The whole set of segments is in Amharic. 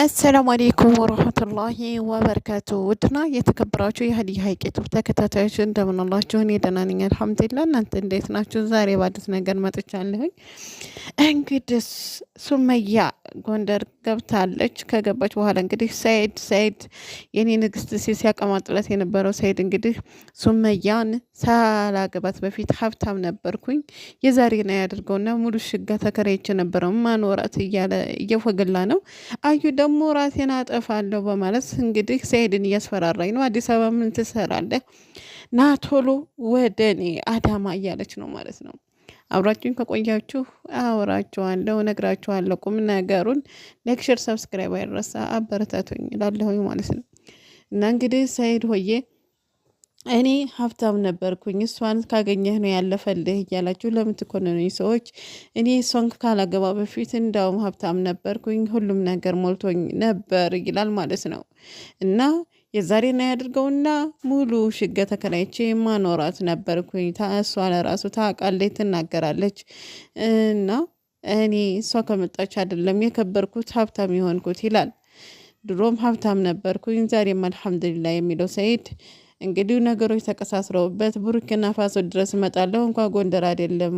አሰላሙ አሌይኩም ወረህመቱላሂ ወበረካቱ። ውድና የተከበራችሁ የሀዲያ ሀይቅ ዩቱብ ተከታታዮች እንደምናላችሁ፣ እኔ ደህና ነኝ አልሐምዱሊላህ። እናንተ እንዴት ናችሁ? ዛሬ ባዲስ ነገር መጥቻለሁኝ። እንግዲህ ሱመያ ጎንደር ገብታለች። ከገባች በኋላ እንግዲህ ሰይድ ሰይድ የኔ ንግስት ሲ ሲያቀማጥለት የነበረው ሰይድ እንግዲህ ሱመያን ሳላገባት በፊት ሀብታም ነበርኩኝ የዛሬ ና ያደርገውና ሙሉ ሽጋ ተከራይች ነበረው ማኖራት እያለ እየፈግላ ነው። አዩ ደግሞ ራሴን አጠፋለሁ በማለት እንግዲህ ሰይድን እያስፈራራኝ ነው። አዲስ አበባ ምን ትሰራለህ? ናቶሎ ወደ እኔ አዳማ እያለች ነው ማለት ነው አብራችሁኝ ከቆያችሁ አወራችኋለሁ፣ ነግራችኋለሁ። ቁም ነገሩን ሌክቸር ሰብስክራይብ አይረሳ፣ አበረታቱኝ ላለሁኝ ማለት ነው እና እንግዲህ ሰኢድ ሆዬ እኔ ሀብታም ነበርኩኝ እሷን ካገኘህ ነው ያለፈልህ እያላችሁ ለምትኮንኑኝ ሰዎች እኔ እሷን ካላገባ በፊት እንዳውም ሀብታም ነበርኩኝ፣ ሁሉም ነገር ሞልቶኝ ነበር ይላል ማለት ነው። እና ና ያድርገውና ሙሉ ሽገ ተከራይቼ ማኖራት ነበርኩኝ። እሷ ለራሱ ታውቃለች፣ ትናገራለች እና እኔ እሷ ከመጣች አይደለም የከበርኩት ሀብታም የሆንኩት ይላል። ድሮም ሀብታም ነበርኩኝ፣ ዛሬም አልሐምዱሊላ የሚለው ሰይድ እንግዲህ ነገሮች ተቀሳስረውበት ቡርኪና ፋሶ ድረስ እመጣለሁ እንኳ ጎንደር አይደለም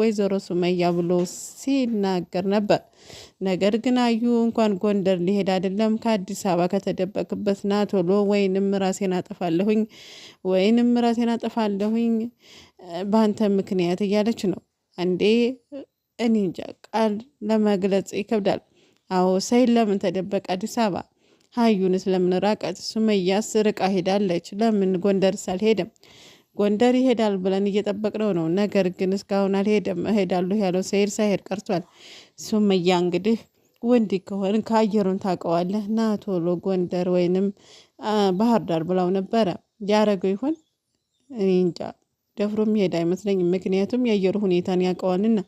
ወይዘሮ ሱመያ ብሎ ሲናገር ነበር። ነገር ግን አዩ እንኳን ጎንደር ሊሄድ አይደለም ከአዲስ አበባ ከተደበቅበት ና ቶሎ፣ ወይንም ራሴን አጠፋለሁኝ፣ ወይንም ራሴን አጠፋለሁኝ በአንተ ምክንያት እያለች ነው። አንዴ እኔ እንጃ ቃል ለመግለጽ ይከብዳል። አዎ ሰይድ ለምን ተደበቅ አዲስ አበባ ሀዩንስ ለምን ራቀች? ሱመያስ ርቃ ሄዳለች። ለምን ጎንደርስ አልሄደም? ጎንደር ይሄዳል ብለን እየጠበቅነው ነው። ነገር ግን እስካሁን አልሄደም። እሄዳለሁ ያለው ሰይድ ሳይሄድ ቀርቷል። ሱመያ እንግዲህ ወንድ ከሆን ከአየሩን ታውቀዋለህ ና ቶሎ ጎንደር ወይንም ባህር ዳር ብላው ነበረ። ያረገው ይሆን እኔ እንጃ። ደፍሮ የሚሄድ አይመስለኝም። ምክንያቱም የአየሩ ሁኔታን ያውቀዋልና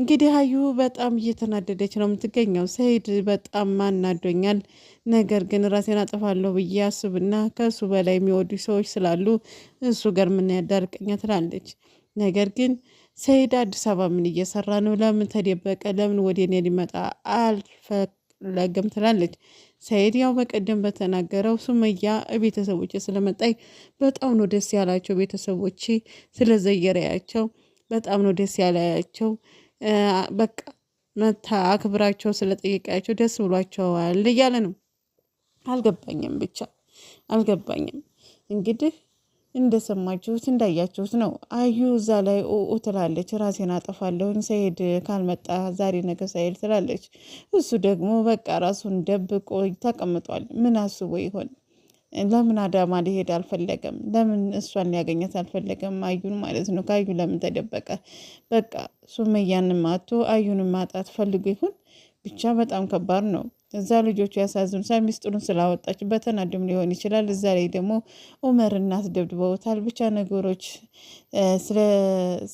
እንግዲህ ሀዩ በጣም እየተናደደች ነው የምትገኘው። ሰኢድ በጣም አናዶኛል፣ ነገር ግን ራሴን አጥፋለሁ ብዬ አስብና ከእሱ በላይ የሚወዱ ሰዎች ስላሉ እሱ ጋር ምን ያዳርቀኛ ትላለች። ነገር ግን ሰኢድ አዲስ አበባ ምን እየሰራ ነው? ለምን ተደበቀ? ለምን ወደ እኔ ሊመጣ አልፈለገም? ትላለች። ሰኢድ ያው በቀደም በተናገረው ሱመያ ቤተሰቦች ስለመጣይ በጣም ነው ደስ ያላቸው ቤተሰቦች ስለዘየረያቸው በጣም ነው ደስ ያላያቸው። በቃ መታ አክብራቸው ስለጠየቃቸው ደስ ብሏቸዋል እያለ ነው። አልገባኝም፣ ብቻ አልገባኝም። እንግዲህ እንደሰማችሁት እንዳያችሁት ነው። አዩ እዛ ላይ ኦ ትላለች፣ ራሴን አጠፋለሁን ሰሄድ ካልመጣ ዛሬ ነገ ሳይል ትላለች። እሱ ደግሞ በቃ ራሱን ደብቆ ተቀምጧል። ምን አስቦ ይሆን? ለምን አዳማ ሊሄድ አልፈለገም? ለምን እሷን ሊያገኘት አልፈለገም? አዩን ማለት ነው። ከአዩ ለምን ተደበቀ? በቃ ሱመያንም አቶ አዩንም ማጣት ፈልጎ ይሆን? ብቻ በጣም ከባድ ነው። እዛ ልጆቹ ሳ ሚስጥሩን ስላወጣች በተናድም ሊሆን ይችላል። እዛ ላይ ደግሞ ኡመር እናት ደብድበውታል። ብቻ ነገሮች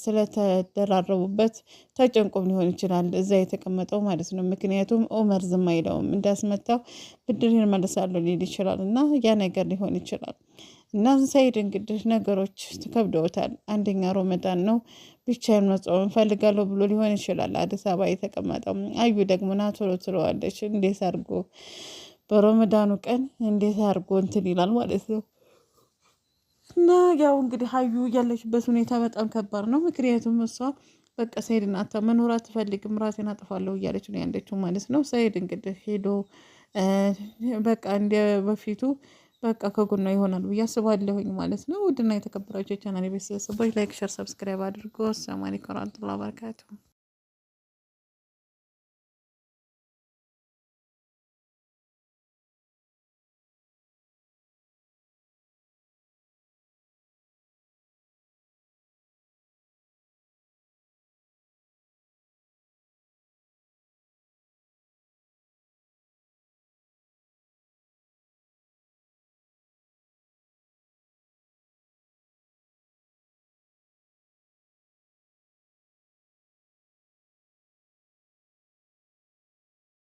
ስለተደራረቡበት ተጨንቆም ሊሆን ይችላል እዛ የተቀመጠው ማለት ነው። ምክንያቱም ኡመር ዝም አይለውም፣ እንዳስመታው ብድር መለሳለሁ ሊል ይችላል እና ያ ነገር ሊሆን ይችላል። እና ሰኢድ እንግዲህ ነገሮች ተከብደውታል። አንደኛ ሮመዳን ነው ብቻዬን መጾም እፈልጋለሁ ብሎ ሊሆን ይችላል አዲስ አበባ የተቀመጠው። አዩ ደግሞ ና ቶሎ ትለዋለች። እንዴት አድርጎ በሮመዳኑ ቀን እንዴት አድርጎ እንትን ይላል ማለት ነው። እና ያው እንግዲህ አዩ ያለችበት ሁኔታ በጣም ከባድ ነው። ምክንያቱም እሷ በቃ ሰኢድን አታ መኖር አትፈልግም፣ ራሴን አጥፋለሁ እያለች ነው ያለችው ማለት ነው። ሰኢድ እንግዲህ ሄዶ በቃ እንደ በፊቱ በቃ ከጎና ይሆናል ብዬ አስባለሁኝ ማለት ነው። ውድና የተከበራቸው ቻናል ቤተሰቦች ላይክ፣ ሸር፣ ሰብስክራይብ አድርጎ ሰማኒ ከራቱላ በረካቱ